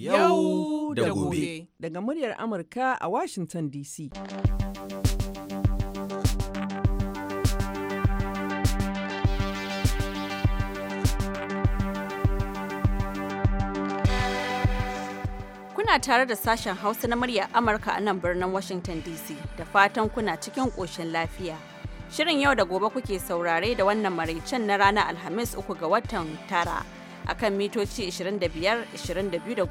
yau da gobe daga muryar amurka a washington dc kuna tare da sashen hausa na muryar amurka a nan birnin washington dc da fatan kuna cikin ƙoshin lafiya shirin yau da gobe kuke saurare da wannan maraicen na ranar alhamis uku ga watan tara akan mitoci 25 22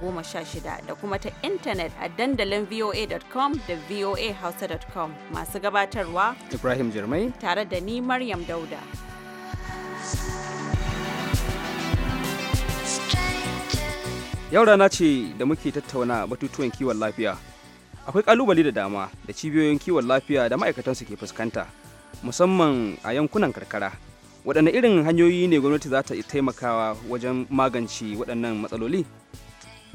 da da kuma ta intanet a dandalin voa.com da voahausa.com masu gabatarwa Ibrahim Jirmai tare da ni Maryam Dauda. Yau rana ce da muke tattauna batutuwan kiwon lafiya. Akwai kalubale da dama da cibiyoyin kiwon lafiya da ma'aikatansu ke fuskanta, musamman a yankunan karkara. waɗanne irin hanyoyi ne gwamnati za ta taimakawa wajen magance waɗannan matsaloli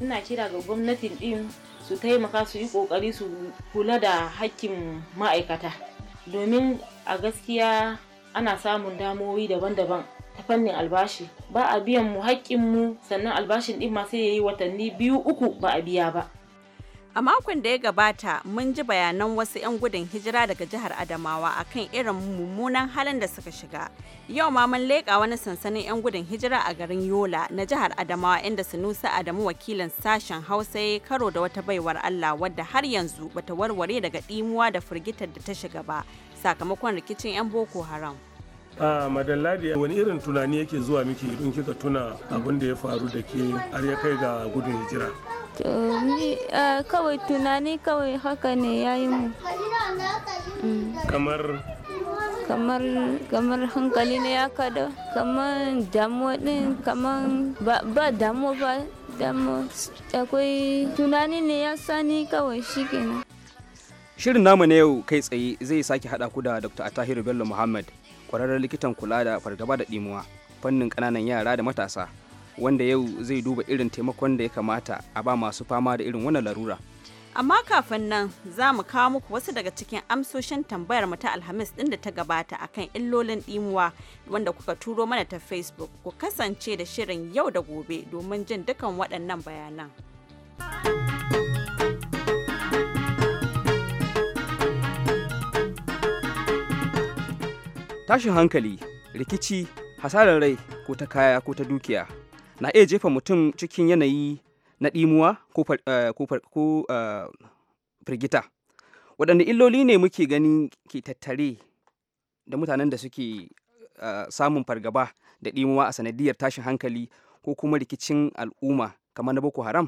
ina kira ga gwamnatin ɗin su taimaka su yi ƙoƙari su kula da hakkin ma'aikata domin a gaskiya ana samun damowi daban-daban ta fannin albashi ba a biyan mu mu sannan albashin ɗin ma sai ya yi watanni biyu uku ba a biya ba A makon da ya gabata mun ji bayanan wasu 'yan gudun hijira daga jihar Adamawa akan irin mummunan halin da suka shiga. Yau ma mun leƙa wani sansanin 'yan gudun hijira a garin Yola na jihar Adamawa inda Sunusa Adamu wakilin sashen Hausa ya karo da wata baiwar Allah wadda har yanzu bata warware daga ɗimuwa da firgitar da ta shiga ba sakamakon rikicin 'yan Boko Haram. a madalladi wani irin tunani yake zuwa miki idan kika tuna abin da ya faru da ke har ya kai ga gudun hijira kawai tunani kawai haka ne ya yi mu kamar kamar kamar hankali ne ya kada kamar damuwa din kamar ba damuwa ba damuwa akwai tunani ne ya sani kawai shi kenan shirin namu na yau kai tsaye zai sake hada ku da dr atahiru bello muhammad kwararren likitan kula da fargaba da ɗimuwa fannin ƙananan yara da matasa wanda yau zai duba irin taimakon da ya kamata a ba masu fama da irin wannan larura. Amma kafin nan za mu kawo muku wasu daga cikin amsoshin tambayar mu ta Alhamis ɗin da ta gabata akan illolin ɗimuwa wanda kuka turo mana ta Facebook ku kasance da shirin yau da gobe domin jin dukan waɗannan bayanan. Tashin hankali, rikici, hasarar rai ko ta kaya ko ta dukiya na iya jefa mutum cikin yanayi na ɗimuwa ko eh, eh, firgita waɗanne illoli ne muke gani ke tattare da mutanen da suke eh, samun fargaba da ɗimuwa a sanadiyar tashin hankali ko kuma rikicin al'umma kamar na boko haram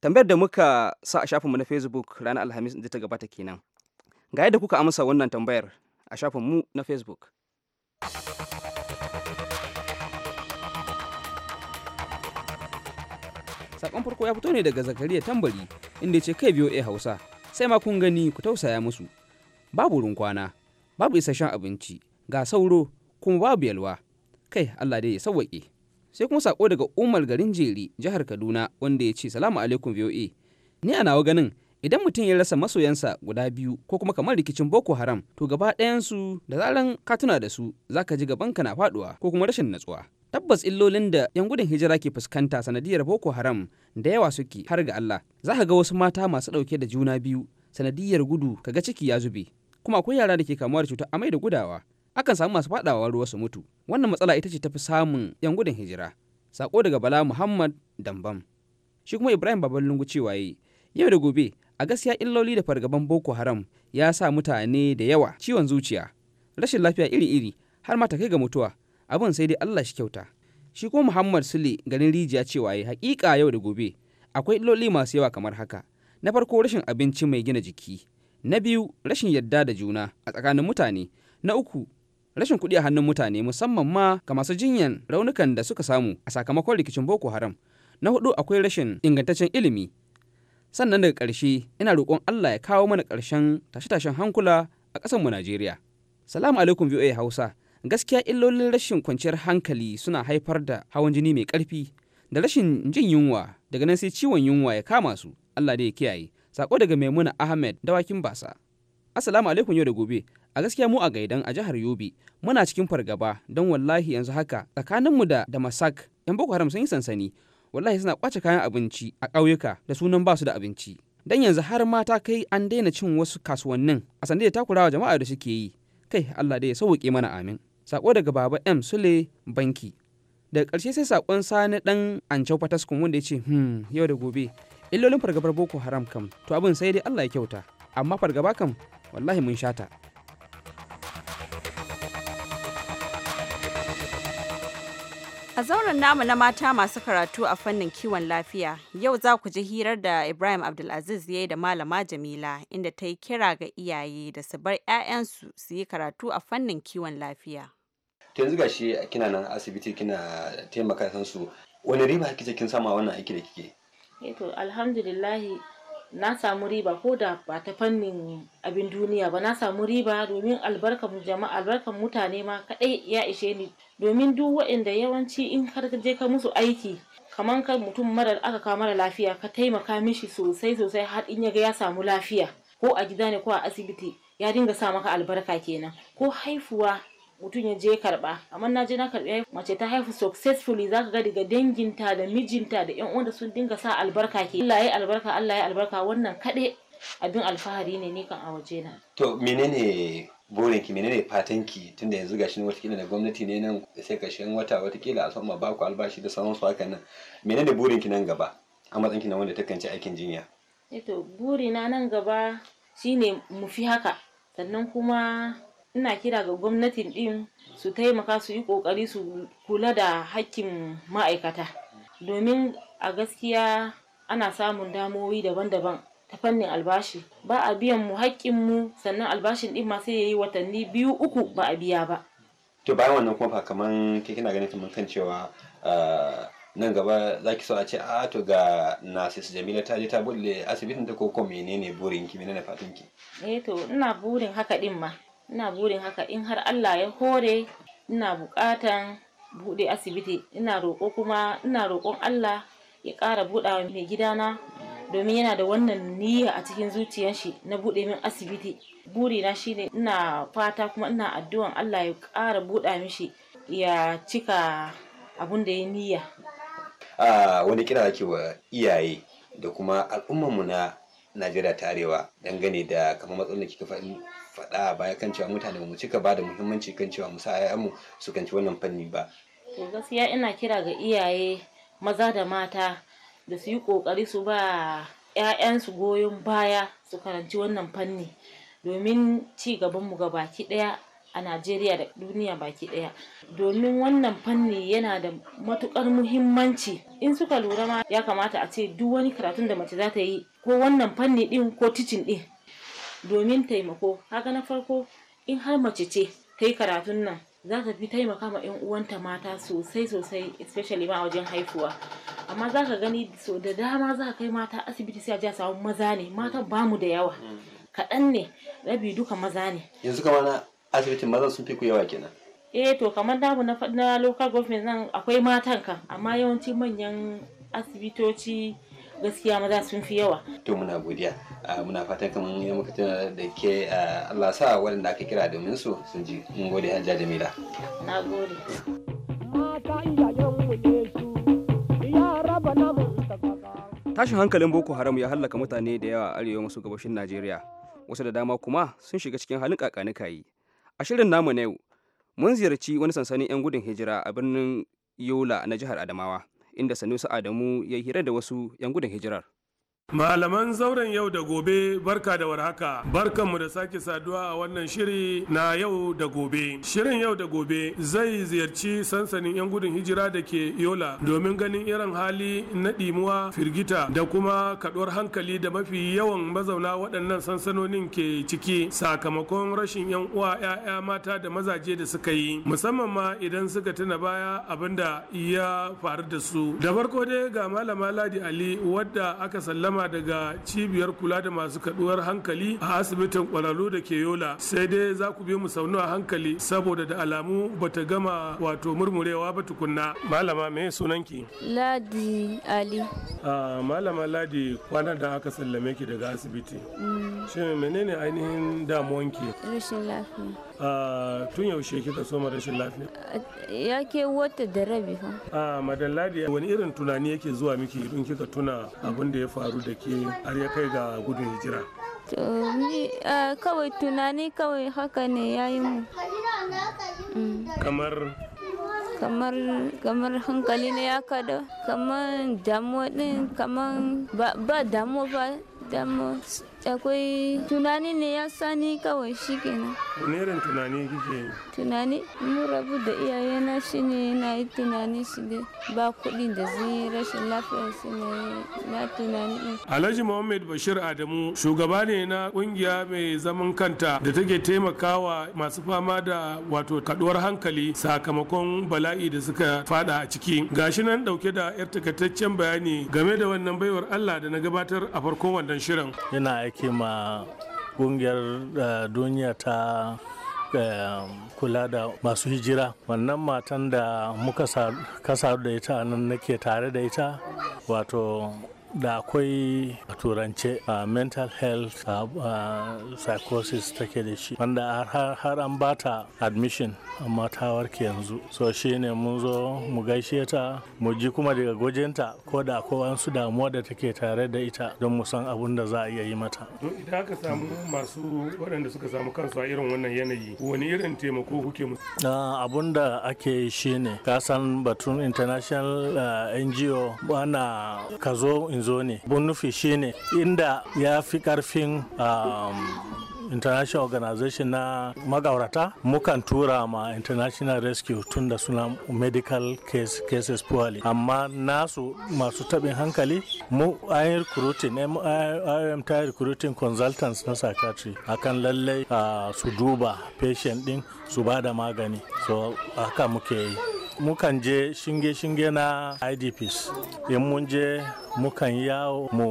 tambayar da muka sa a shafinmu na facebook ranar alhamis da ta gabata kenan ga yadda kuka amsa wannan tambayar a shafinmu na facebook sakon farko ya fito ne daga zakariya tambari inda ya ce kai biyo a hausa sai ma kun gani ku tausaya musu babu runkwana babu isasshen abinci ga sauro kuma babu yalwa kai allah dai ya sauwaƙe sai kuma sako daga umar garin jeri jihar kaduna wanda ya ce salamu alaikum voa ni a nawa ganin idan mutum ya rasa masoyansa guda biyu ko kuma kamar rikicin boko haram to gaba ɗayansu da zaran katuna da su zaka ji gabanka na faɗuwa ko kuma rashin natsuwa tabbas illolin da yan gudun hijira ke fuskanta sanadiyar boko haram da yawa suke har ga allah za ka ga wasu mata masu ɗauke da juna biyu sanadiyar gudu ka ga ciki ya zube kuma akwai yara da ke kamuwa da cuta amai da gudawa akan samu masu faɗawa ruwa su mutu wannan matsala ita ce tafi samun yan gudun hijira sako daga bala muhammad dambam shi kuma ibrahim baban lungu cewa yi yau da gobe a gaskiya illoli da fargaban boko haram ya sa mutane da yawa ciwon zuciya rashin lafiya iri-iri har ma ta kai ga mutuwa abin sai dai Allah shi kyauta shi ko Muhammad Sule garin rijiya cewa yi haƙiƙa yau da gobe akwai illoli masu yawa kamar haka na farko rashin abinci mai gina jiki na biyu rashin yadda da juna a tsakanin mutane na uku rashin kuɗi a hannun mutane musamman ma ga masu jinyan raunukan da suka samu a sakamakon rikicin boko haram na hudu akwai rashin ingantaccen ilimi sannan daga ƙarshe ina roƙon Allah ya kawo mana ƙarshen tashe-tashen hankula a ƙasarmu Najeriya. Salamu alaikum VOA Hausa. gaskiya illolin rashin kwanciyar hankali suna haifar da hawan jini mai ƙarfi da rashin jin yunwa daga nan sai ciwon yunwa ya kama su Allah da ya kiyaye sako daga Maimuna Ahmed dawakin basa Assalamu alaikum yau da gobe a gaskiya mu a gaidan a jihar Yobe muna cikin fargaba don wallahi yanzu haka tsakaninmu da da masak yan Boko Haram sun yi sansani wallahi suna kwace kayan abinci a ƙauyuka da sunan basu da abinci dan yanzu har mata ta kai an daina cin wasu kasuwannin a sanda da takurawa jama'a da suke yi kai Allah dai ya sauke mana amin Sako daga Baba M Sule Banki. Daga ƙarshe sai sakon Sani ɗan Ancau Fataskum wanda ya ce, "Hmm, yau da gobe, illolin fargabar Boko Haram kam, to abin sai dai Allah ya kyauta, amma fargaba kam, wallahi mun shata." A zauren namu na mata masu karatu a fannin kiwon lafiya, yau za ku ji hirar da Ibrahim Abdulaziz ya yi da Malama Jamila inda ta yi kira ga iyaye da su bar 'ya'yansu su yi karatu a fannin kiwon lafiya. to yanzu gashi kina nan asibiti kina taimaka san su wani riba kike kin sama wannan aiki da kike eh to alhamdulillah na samu riba ko da ba ta fannin abin duniya ba na samu riba domin albarkan jama'a albarkan mutane ma kadai ya ishe ni domin duk waɗanda yawanci in har je ka musu aiki kamar kan mutum mara aka kawo mara lafiya ka taimaka mishi sosai sosai har in ya ga ya samu lafiya ko a gida ne ko a asibiti ya dinga sa maka albarka kenan ko haifuwa mutum ya je karba amma na je na karbi mace ta haifu successfully zaka ga daga danginta da mijinta da yan da sun dinga sa albarka ke Allah ya albarka Allah ya albarka wannan kade abin alfahari ne ni kan a waje na to menene burinki menene fatanki tunda yanzu gashi ne watakila da gwamnati ne nan sai karshen wata watakila al'umma ba ku albashi da su haka nan menene burinki nan gaba a matsayinki na wanda ta kanci aikin jinya eh to burina nan gaba shine mu fi haka sannan kuma ina kira ga gwamnatin ɗin su taimaka su yi ƙoƙari su kula da hakkin ma'aikata domin a gaskiya ana samun damowi daban-daban ta fannin albashi ba a biyan mu mu sannan albashin ɗin ma sai ya yi watanni biyu uku ba a biya ba to bayan wannan kuma fa kaman ke kina ganin kamar kan cewa ah, nan gaba za so a ce a ah, to ga nasis jamila ta je ta bulle asibitin ta ko ko menene burin ki menene fatan ki eh to ina burin haka din ma ina burin haka in har Allah ya hore ina buƙatan buɗe asibiti ina roƙo kuma ina roƙon Allah ya ƙara buɗawa mai gidana domin yana da wannan niyya a cikin zuciyar shi na buɗe min asibiti burina shine ina fata kuma ina addu'an Allah ya ƙara buɗa mishi ya cika abun da ya niyya a ah, wani kira ake wa iyaye da kuma al'ummarmu na najeriya ta arewa dangane da kamar matsalolin da kika faɗa baya kan cewa mutane ba mu cika ba da muhimmanci kan cewa mu sa mu su kanci wannan fanni ba to gaskiya ina kira ga iyaye maza da mata da su yi kokari su ba 'ya'yansu goyon baya su karanci wannan fanni domin ci mu ga baki ɗaya a najeriya da duniya baki ɗaya domin wannan fanni yana da matukar muhimmanci in suka lura ma ya kamata a ce duk wani karatun da mace za ta yi ko wannan fanni ɗin ko ticin ɗin domin taimako Haka na farko in har mace ce ta yi karatun nan za ta fi taimaka ma 'yan uwanta mata sosai sosai especially ma wajen haihuwa amma za ka gani so da dama za ka kai mata asibiti sai a ji a samu maza ne matan mu da yawa mm. kaɗan ne rabi duka maza ne yanzu kama na asibitin mazan sun fi ku yawa kenan eh to kamar damu na na local government nan akwai matan kan amma yawanci manyan asibitoci gaskiya maza sun fi yawa to muna godiya ah, muna fatan kamar yi muka da ke ah, Allah sa waɗanda aka kira domin su sun ji mun gode ja jamila na gode tashin hankalin boko haram ya hallaka mutane da yawa a arewa maso gabashin najeriya wasu da dama kuma sun shiga cikin halin kayi a shirin namu na yau mun ziyarci wani sansanin 'yan gudun hijira a birnin yola na jihar adamawa inda Sanusi Adamu ya hira da wasu 'yan gudun hijirar. Malaman zauren yau da gobe barka da warhaka mu da sake saduwa a wannan shiri na yau da gobe. Shirin yau da gobe zai ziyarci sansanin 'yan gudun hijira da ke Yola domin ganin irin hali na ɗimuwa firgita da kuma kaɗuwar hankali da mafi yawan mazauna waɗannan sansanonin ke ciki sakamakon rashin 'yan uwa 'ya'ya mata da mazaje da suka yi musamman ma idan suka tuna baya abinda ya faru da su. Da farko dai ga malama Ladi Ali wadda aka sallama sallama daga cibiyar kula da masu kaduwar hankali a asibitin kwararru da ke yola sai dai za ku bi mu saunu a hankali saboda da alamu bata gama wato murmurewa ba tukunna malama me sunanki ladi ali ah, malama ladi kwanan da aka sallame ki daga asibiti mm. shin menene ainihin damuwanki rashin lafiya a tun yaushe kika soma rashin lafiya ya ke wata da rabi fa a madalladi wani irin tunani yake zuwa miki idan kika tuna abin da ya faru da ke har ya kai ga gudun hijira kawai tunani kawai haka ne ya yi mu mm. kamar kamar kamar hankali ne ya kada kamar damuwa din kamar ba damuwa ba damuwa akwai tunani ne ya sani kawai shi kenan irin tunani kike tunani mun rabu da iyayena ne na yi tunani shi ne ba kuɗi da zai rashin lafiya shi ne na tunani alhaji muhammad bashir adamu shugaba ne na ƙungiya mai zaman kanta da take taimakawa masu fama da wato kaduwar hankali sakamakon bala'i da suka fada a ciki gashi nan dauke da yar takaitaccen bayani game da wannan baiwar allah da na gabatar a farkon wannan shirin yana ake ma kungiyar eh, duniya ta eh, kula da masu hijira wannan matan da muka kasa da ita nan nake tare da ita wato da akwai a turance a mental health a psychosis take da shi wanda har an bata admission amma ta warke yanzu so shi ne mun zo mu gaishe ta mu ji kuma daga gojenta ko da ko wasu damuwa da take tare da ita don mu san abun da za a iya yi mata idan aka samu masu waɗanda suka samu kansu a irin wannan yanayi wani irin taimako kuke musu abun da ake shi ne. ka san batun international eh, ngo ana ka zo zo ne bun nufi shine inda ya fi karfin um, international organization na magaurata mukan tura ma international rescue tun da suna medical case, cases poorly amma nasu masu tabin hankali mu ayin recruiting IOM ta recruiting consultants na psychiatry akan lallai uh, su duba patient din su ba da magani so haka muke yi mukan je shinge-shinge na idps in mun je mukan yawo mu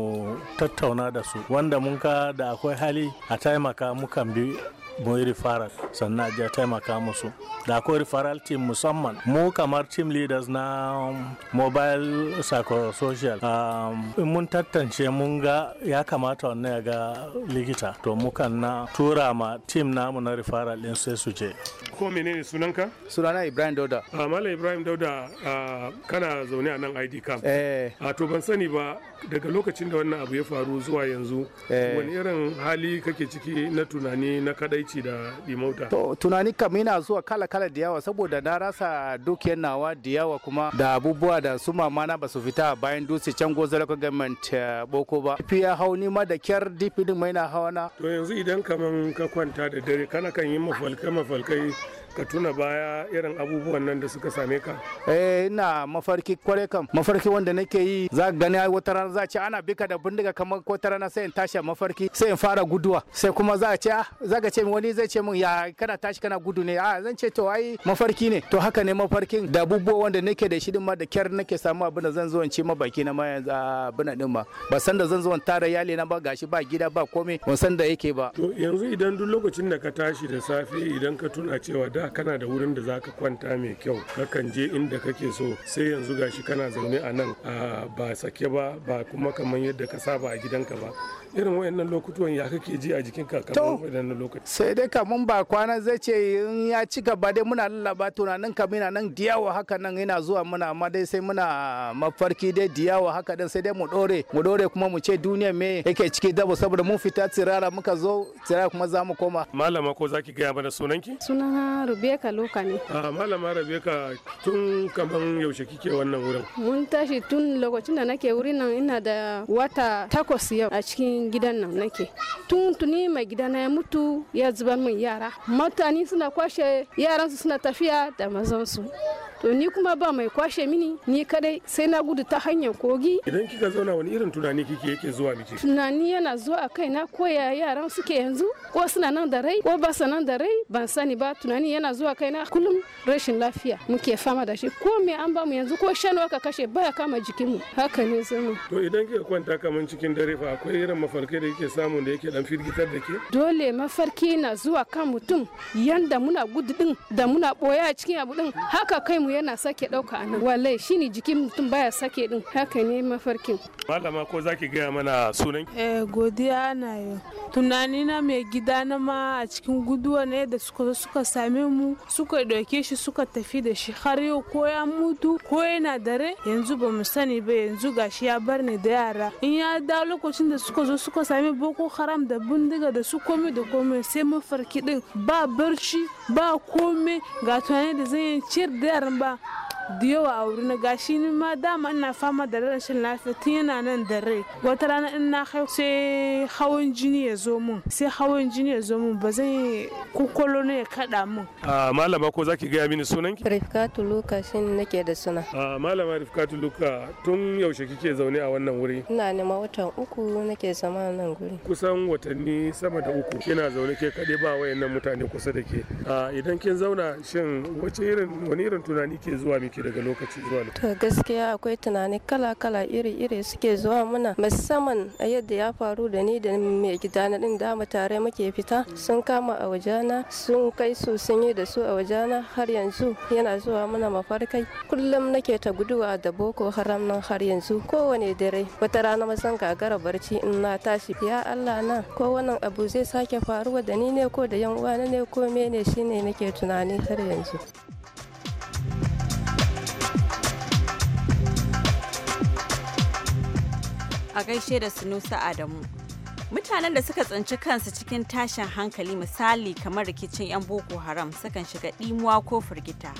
tattauna da su wanda mun ka da akwai hali a taimaka mukan bi mu yi referral sannan ajiya taimaka musu da akwai referral team musamman mu kamar team leaders na um, mobile psychosocial um, mun tattance mun ga ya kamata wannan ya ga likita to mukan na tura ma team namu na referral din sai su je ko menene sunanka sunana ibrahim dauda a ah, mala ibrahim dauda ah, kana zaune a nan id camp eh. a ah, to ban sani ba daga lokacin da wannan abu ya faru zuwa yanzu eh. wani irin hali kake ciki na tunani na kadaici kasuwanci da To tunani kam ina zuwa kala kala da yawa saboda na rasa dukiyar nawa da yawa kuma da abubuwa da su mama na basu fita bayan dutse can gozo da government eh, boko ba. Fi ya hau ni ma da kyar dipi din mai na hawa na. To yanzu idan kaman ka kwanta da dare kana kan yi mafalkai mafalkai ka tuna baya irin abubuwan nan da suka same ka eh ina mafarki kware kam mafarki wanda nake yi za ka gani wata rana za ce ana bika da bindiga kamar ko rana sai in tashi mafarki sai in fara guduwa sai kuma za a ce ah za ka ce wani zai ce min ya kana tashi kana gudu ne ah zan ce to ai mafarki ne to haka ne mafarkin da abubuwa wanda nake da shi din ma da kyar nake samu abin da zan zo in ci ma baki na ma yanzu ah, abin din ma ba san da zan zo in tara yali na ba gashi ba gida ba komai ban san da yake ba to yanzu idan duk lokacin da ka tashi da safe idan ka tuna cewa da kana da wurin da zaka kwanta mai kyau kakan je inda kake so sai yanzu gashi kana zaune a nan ba sake ba ba kuma kamar yadda ka saba a gidanka ba irin wayannan lokutuwan ya kake ji a jikin ka kamar wayannan lokaci sai dai mun ba kwana zai ce in ya ci gaba dai muna lallaba tunanin ka muna nan diyawa haka nan yana zuwa muna amma dai sai muna mafarki dai diyawa haka dan sai dai mu dore mu dore kuma mu ce duniya me yake ciki dabo saboda mun fita tsirara muka zo tsirara kuma za mu koma malama ko zaki gaya mana sunanki sunana rubeka loka ne a ah, malama rubeka tun kaman yaushe kike wannan wurin mun tashi tun lokacin da nake wurin nan ina da wata takwas yau a cikin gidan nan nake tun tuni mai na ya mutu ya zuba min yara mutane suna kwashe su suna tafiya da mazan su to ni kuma ba mai kwashe mini ni kadai sai na gudu ta hanyar kogi idan kika zauna wani irin tunani kike yake zuwa miki tunani yana zuwa a kaina na koya yaran suke yanzu ko suna nan da rai ko ba su nan da rai ban sani ba tunani yana zuwa kaina kullum rashin lafiya muke fama da shi ko me an mu yanzu ko shanu aka kashe baya kama jikinmu haka ne zama to idan kika kwanta kaman cikin dare fa akwai irin mafarki da yake samu da yake dan firgitar da ke dole mafarki na zuwa kan mutum yanda muna gudu din da muna boya a cikin abu din haka kai mu yana sake dauka a nan wallahi shine jikin mutum baya sake din haka ne mafarkin malama ko zaki gaya mana sunan eh godiya na yau tunani na mai gida na ma a cikin guduwa ne da suka zo suka same mu suka dauke shi suka tafi da shi har yau ko ya mutu ko yana dare yanzu ba mu sani ba yanzu gashi ya bar ni da yara in ya da lokacin da suka zo suka sami boko haram da bindiga da su komai da komai sai mafarki din ba barci ba komai ga tunani da zan ciyar da yaran ba da yawa a wuri na gashi ni ma dama ina fama da rashin lafiya tun yana nan da rai wata rana in na haihu sai hawan jini ya zo mun sai hawan jini ya zo mun ba zai kokolo ne ya kada mun a malama ko zaki gaya mini sunan ki rifkatu luka shin nake da suna a malama rifkatu luka tun yaushe kike zaune a wannan wuri ina nema watan uku nake zama nan guri kusan watanni sama da uku kina zaune ke kaɗai ba wayannan mutane kusa da ke idan kin zauna shin wace irin wani irin tunani ke zuwa miki daga lokaci zuwa lokaci to gaskiya akwai tunani kala kala iri iri suke zuwa muna musamman a yadda ya faru da ni da mai gida na din dama tare muke fita sun kama a wajana sun kai su sun yi da su a wajana har yanzu yana zuwa muna mafarkai kullum nake ta guduwa da boko haram nan har yanzu kowane dare wata rana mazan gagara barci in na tashi ya Allah na ko wannan abu zai sake faruwa da ni ne ko da yan na ne ko mene shine nake tunani har yanzu a gaishe da su nusa Adamu. Mutanen da suka tsinci kansu cikin tashin hankali misali kamar rikicin 'yan Boko Haram sukan shiga ɗimuwa ko firgita.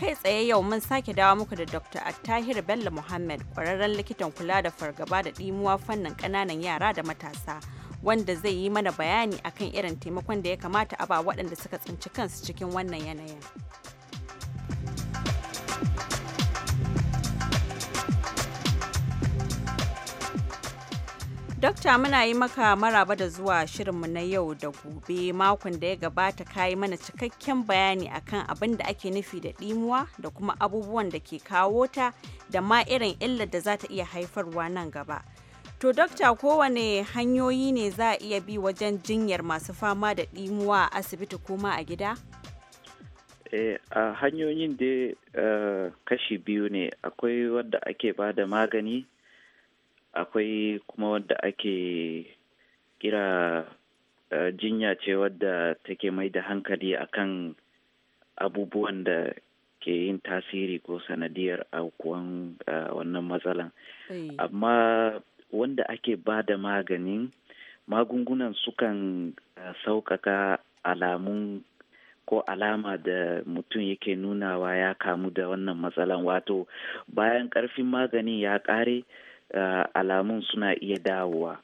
Kai tsaye yau mun sake dawo muku da Dr. Attahir Bello Muhammad, ƙwararren likitan kula da fargaba da ɗimuwa fannin ƙananan yara da matasa. wanda zai yi mana bayani akan irin taimakon da ya kamata a ba waɗanda suka tsinci kansu cikin wannan yanayin. Dokta muna yi maka maraba da zuwa shirinmu na yau da gobe makon da ya gabata ka yi mana cikakken bayani akan abin da ake nufi da ɗimuwa da kuma abubuwan da ke kawo ta da ma irin illar da za ta iya haifarwa nan gaba. To dokta kowane hanyoyi ne za a iya bi wajen jinyar masu fama da ɗimuwa a asibiti ko a gida? Eh, a hanyoyin eh, kashi biyu ne akwai wadda ake ba da magani akwai kuma wadda ake kira eh, jinya ce wadda take mai da hankali akan abubuwan da ke yin tasiri ko sanadiyar aukuwan eh, wannan matsalan amma wanda ake ba da maganin magungunan sukan eh, sauƙaƙa alamun ko alama da mutum yake nunawa ya kamu da wannan matsalan wato bayan ƙarfin maganin ya ƙare Eh, alamun suna iya dawowa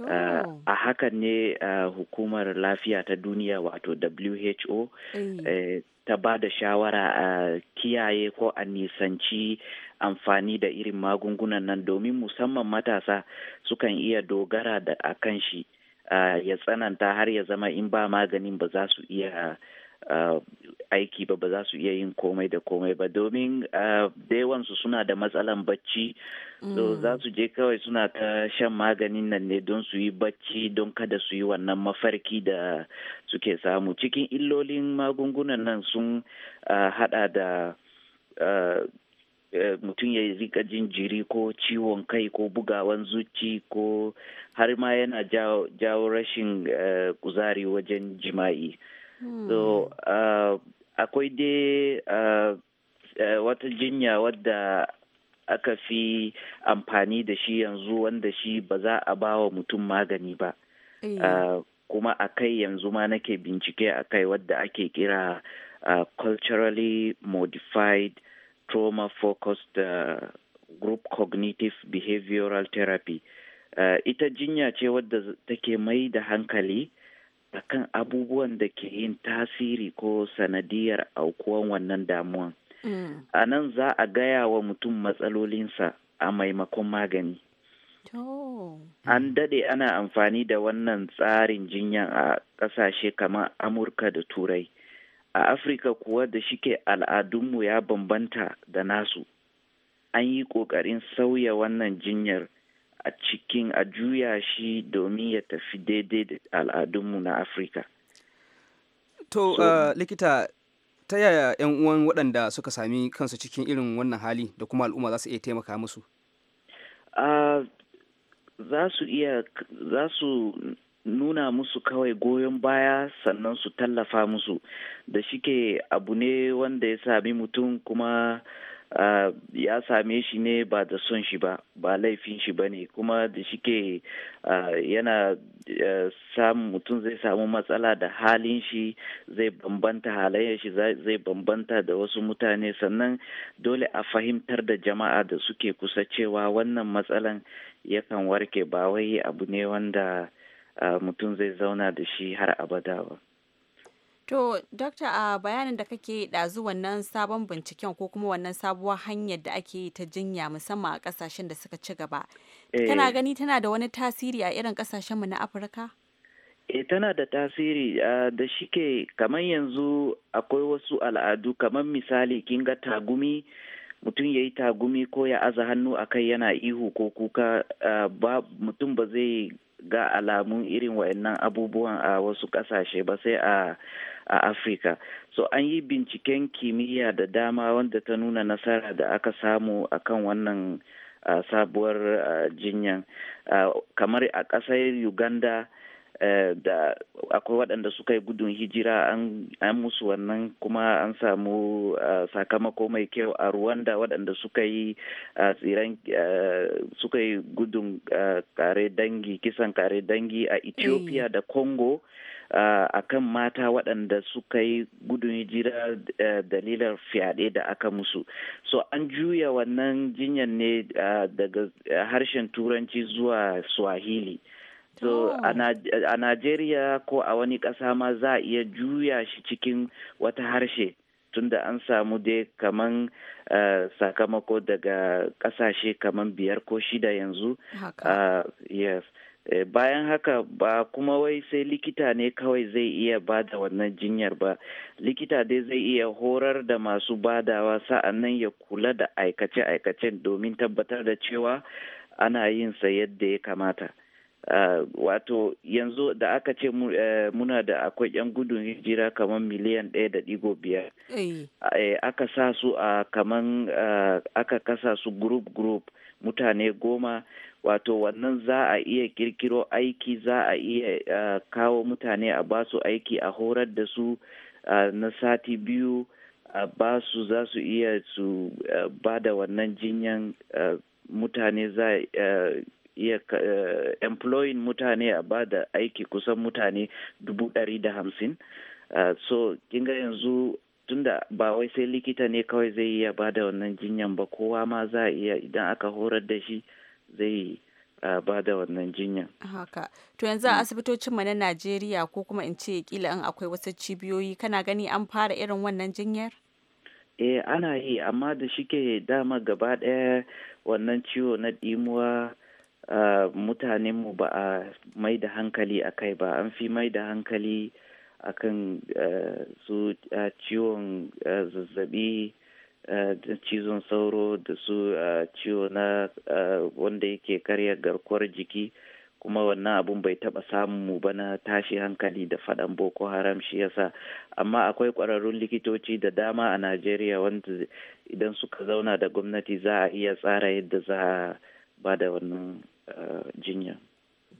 Uh, a hakan ne uh, hukumar lafiya ta duniya wato who uh, ta ba da shawara a kiyaye ko a nisanci amfani da irin magungunan nan domin musamman matasa sukan iya dogara da akan shi shi ya tsananta har ya zama in ba maganin ba za su iya aiki ba ba za su iya yin komai da komai ba domin da yawansu suna da matsalan bacci so mm. za su je kawai suna ta shan maganin nan ne don su yi bacci don kada su yi wannan mafarki da suke samu cikin illolin magungunan nan sun hada da mutum ya rika jin jiri ko ciwon kai ko bugawan zuci ko har ma yana jawo rashin kuzari wajen jima'i. Hmm. so uh, akwai dai uh, uh, wata jinya wadda aka fi amfani da shi yanzu wanda shi ba za a ba wa mutum magani ba eh. kuma a kai yanzu ma nake bincike a kai wadda ake kira uh, culturally modified trauma focused uh, group cognitive behavioral therapy uh, ita jinya ce wadda take mai da hankali akan abubuwan da ke yin tasiri ko sanadiyar aukuwan wannan damuwan mm. a nan za a gaya wa mutum matsalolinsa a maimakon magani an dade ana amfani da wannan tsarin jinya a ƙasashe kamar amurka da turai a afirka kuwa da shike al'adunmu ya bambanta da nasu an yi ƙoƙarin sauya wannan jinyar a cikin a juya shi domin ya tafi daidai da al'adunmu na afirka to so, uh, likita ta yaya 'yan uwan waɗanda suka sami kansu cikin irin wannan hali da kuma al'umma za su iya taimaka musu za su iya za su nuna musu kawai goyon baya sannan su tallafa musu da shike abu ne wanda ya sami mutum kuma ya same shi ne ba da son shi ba ba laifin shi ba ne kuma da shi ke yana samun mutum zai samu matsala da halin shi zai bambanta halayen shi zai bambanta da wasu mutane sannan dole a fahimtar da jama'a da suke kusa cewa wannan matsalan yakan warke ba wai abu ne wanda mutum zai zauna da shi har abada ba. To, Dokta a bayanin da kake ɗazu wannan sabon binciken ko kuma wannan sabuwar hanyar da ake yi ta jinya musamman a ƙasashen da suka ci gaba. tana eh. gani tana da wani tasiri a irin mu na Afirka? E tana da tasiri da shike kamar yanzu akwai wasu al'adu kamar misali kinga tagumi mutum ya yi tagumi ko ya aza hannu a kai yana ihu ko kuka ba mutum ba zai ga alamun irin wa'annan abubuwan a wasu kasashe ba sai a a afirka so an yi binciken kimiyya da dama wanda ta nuna nasara da aka samu akan wannan uh, sabuwar uh, jinyan uh, kamar a ƙasar uganda Uh, da akwai waɗanda suka yi gudun hijira an musu wannan kuma an samu uh, sakamako mai kyau a rwanda waɗanda suka yi uh, tsiran suka yi gudun kare dangi kisan kare dangi a ethiopia mm. da congo a kan mata waɗanda suka yi gudun jira eh, dalilar fyaɗe da aka musu so an juya wannan jinyar ne eh, daga harshen turanci zuwa swahili So oh. a Najeriya ko a wani ƙasa ma za a iya juya shi cikin wata harshe tunda an samu dai kaman uh, sakamako daga ƙasashe kaman biyar ko shida yanzu. Uh, yes. Eh, bayan haka ba kuma wai sai likita ne kawai zai iya bada wannan jinyar ba likita dai zai iya horar da masu badawa nan ya kula da aikace-aikacen domin tabbatar da cewa ana yin sa yadda ya kamata ah, wato yanzu da aka ce eh, muna da akwai 'yan gudun hijira kamar miliyan ɗaya da ɗigo biyar eh, aka sa su a kaman ah, aka kasa su group group mutane goma wato wannan za a iya kirkiro aiki za a iya kawo mutane a basu aiki a horar da su na sati biyu a basu za su iya su ba da wannan jinyan mutane za iya employing mutane a ba da aiki kusan mutane dubu ɗari da hamsin so kinga yanzu tunda ba wai sai likita ne kawai zai iya ba da wannan jinyan ba kowa ma za a iya idan aka horar da shi zai ah, ba da wannan jinya. Haka. To yanzu a mm. asibitocin na Najeriya ko kuma in ce kila in akwai wasu cibiyoyi kana gani an fara irin wannan jinyar? Eh ana yi amma da shike dama gaba ɗaya wannan ciwo na ɗimuwa ah, mutanenmu ba a mai da hankali a kai ba an fi mai da hankali akan ah, su ciwon zazzabi Eh, da cizon sauro da su eh, ciwo na eh, wanda yake karya garkuwar jiki kuma wannan abun bai taba samun mu ba na tashi hankali da faɗan boko haram shi yasa amma akwai kwararrun likitoci da dama a najeriya wanda idan suka zauna da gwamnati za a iya tsara yadda za a ba da wannan jinya.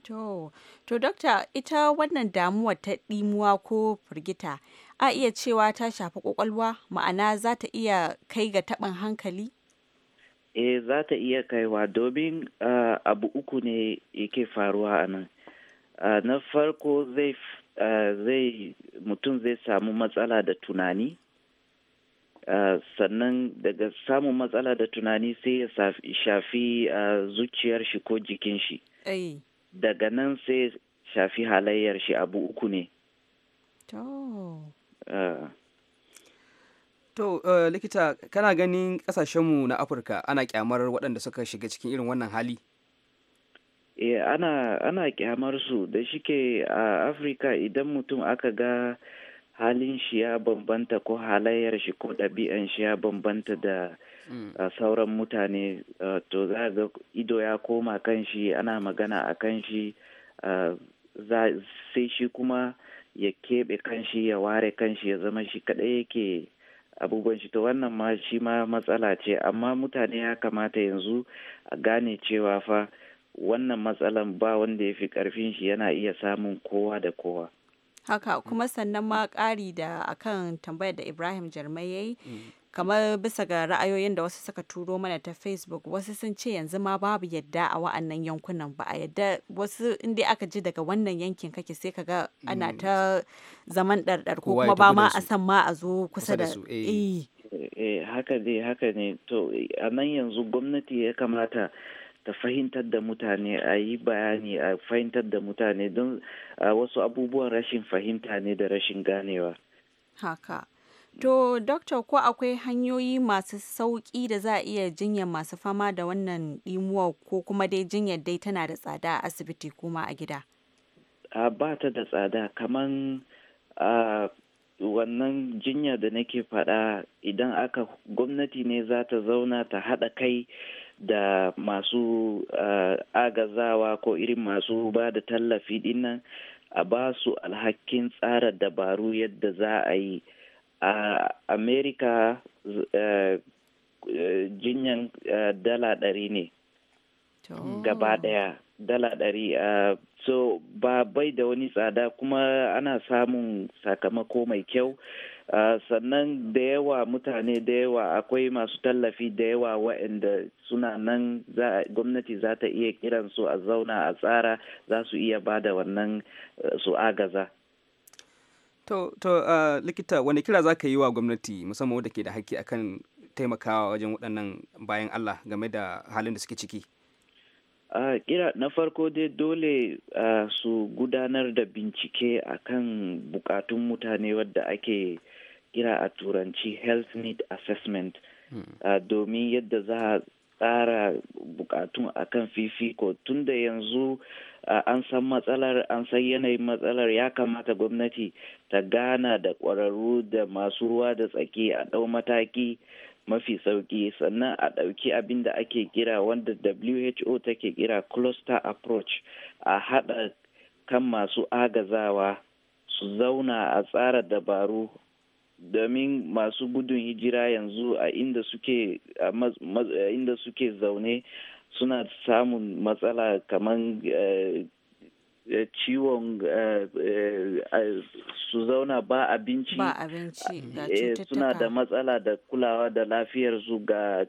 To, to dokta ita wannan damuwar ta ɗimuwa ko firgita a iya cewa ta shafi kwakwalwa ma'ana za ta iya kai ga taɓin hankali? Eh za ta iya kaiwa domin uh, abu uku ne yake faruwa a nan. na farko zai mutum zai samu matsala da tunani uh, sannan daga samun matsala da tunani sai ya shafi uh, zuciyar shi ko jikin shi. daga nan sai shafi halayyar shi abu uku ne To ah. eh, likita kana ganin kasashenmu na Afirka ana kyamar waɗanda suka shiga cikin irin wannan hali? E, ana kyamar su da shike a Afirka idan mutum aka ga halin shi ya bambanta ko halayyar shi ko ɗabi'an shi ya bambanta da mm. uh, sauran mutane uh, to za ga ido ya koma kan shi ana magana a kan shi uh, sai shi kuma ya keɓe kan shi ya ware kan shi ya zama shi kaɗai yake abubuwan shi to wannan ma shi ma matsala ce amma mutane ya kamata yanzu a gane cewa fa wannan matsalan ba wanda ya fi ƙarfin shi yana iya samun kowa da kowa. haka mm. kuma sannan ma ƙari da akan tambayar da ibrahim jarmai ya yi mm. kamar bisa ga ra'ayoyin da wasu suka turo mana ta facebook wasu sun ce yanzu ma babu yadda a wa'annan yankunan ba a yadda wasu inda aka ji daga wannan yankin kake sai ka ga ana mm. ta zaman ɗarɗar ko kuma ba ma a san ma a zo kusa da eh. Eh. Eh, eh haka dai haka ne to a nan yanzu gwamnati ya kamata ta fahimtar da mutane a yi bayani a fahimtar da mutane don wasu abubuwan rashin fahimta ne da rashin ganewa. Haka. To, Dokta, ko akwai hanyoyi masu sauƙi da za a iya jinyar masu fama da wannan ɗimuwa ko kuma dai jinyar dai tana da tsada a asibiti kuma a gida? A ba ta da tsada, kaman a wannan jinya da nake faɗa idan aka gwamnati ne za ta zauna ta haɗa kai da masu eh, agazawa ko irin masu ba da tallafi dinnan a ba su alhakin tsara dabaru yadda za a yi a amerika eh, jinyan eh, dala ɗari ne gaba daya dala ɗari so ba bai da wani tsada kuma ana samun sakamako mai kyau sannan da yawa mutane da yawa akwai masu tallafi da yawa waɗanda suna nan gwamnati za ta iya kiran su a zauna a tsara za su iya ba da wannan eh, su agaza to, to likita wani kira za ka yi wa gwamnati musamman wadda ke da haƙƙi akan taimakawa wajen waɗannan bayan allah game da halin da suke ciki Uh, kira na farko dai dole uh, su gudanar da bincike akan bukatun mutane wadda ake kira a turanci health need assessment hmm. domin yadda za a tsara bukatun akan fifiko tun da yanzu an san matsalar an san yanayin matsalar ya kamata gwamnati ta gana da kwararru da masu ruwa da tsaki a dau mataki mafi sauki sannan a ɗauki abin da ake kira wanda who take kira cluster approach a haɗa kan masu agazawa su zauna a tsara dabaru domin masu gudun hijira yanzu a inda suke inda zaune suna samun matsala kamar eh, eh, ciwon eh, su zauna ba abinci suna da matsala da kulawa da lafiyarsu ga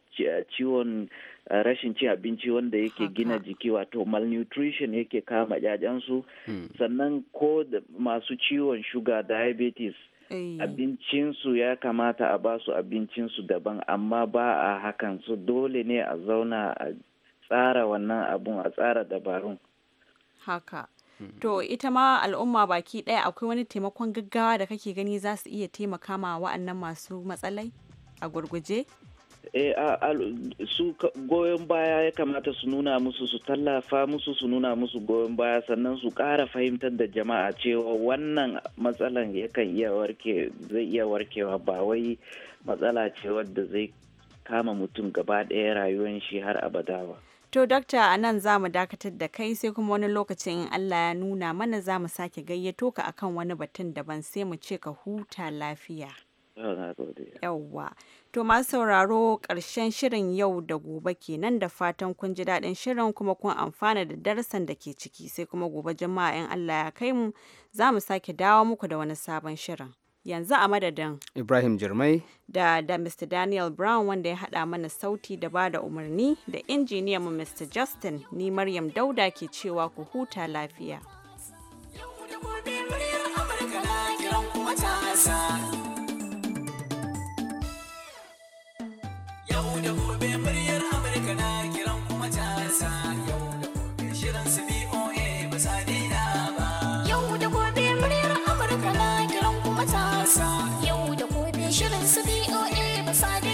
ciwon rashin cin abinci wanda yake gina jiki wato malnutrition yake kama jajensu hmm. sannan ko masu ciwon shuga diabetes Eh. abincinsu ya kamata a basu abincinsu daban amma ba a hakan su dole ne a zauna a tsara wannan abun a tsara dabarun haka hmm. to ita ma al'umma baki ɗaya akwai wani taimakon gaggawa da kake gani za su iya taimaka ma wa'annan masu matsalai a gurguje Eh, su goyon baya ya kamata su nuna musu su tallafa musu su nuna musu goyon baya sannan su kara fahimtar da jama'a cewa wannan matsalan yakan iya warke zai iya warkewa ba wai matsala ce wadda zai kama mutum gaba ɗaya rayuwar shi har abada ba. To, Dokta, a nan za mu dakatar da kai sai kuma wani lokacin in Allah ya nuna mana za mu sake gayyato ka akan wani batun daban sai mu ce ka huta lafiya. Oh, Yawwa. To masu sauraro ƙarshen shirin yau da gobe kenan da fatan kun ji daɗin shirin kuma kun amfana da darasan da ke ciki sai kuma gobe jama'a in Allah ya kai mu za mu sake dawo muku da wani sabon shirin. Yanzu a madadin Ibrahim Jirmai da, da Mr. Daniel Brown wanda ya haɗa mana sauti da ba da umarni da injiniyan mu Mr. Justin ni Maryam Dauda ke cewa ku huta lafiya. Yau da gobe muryar Amurka na kiran kuma ta gobe muryar Amurka na kiran kuma yau da gobe shirin su BOA ba sa daina ba. Yau da gobe muryar Amurka na kiran kuma tasa yau da gobe shirin su BOA ba sa ba.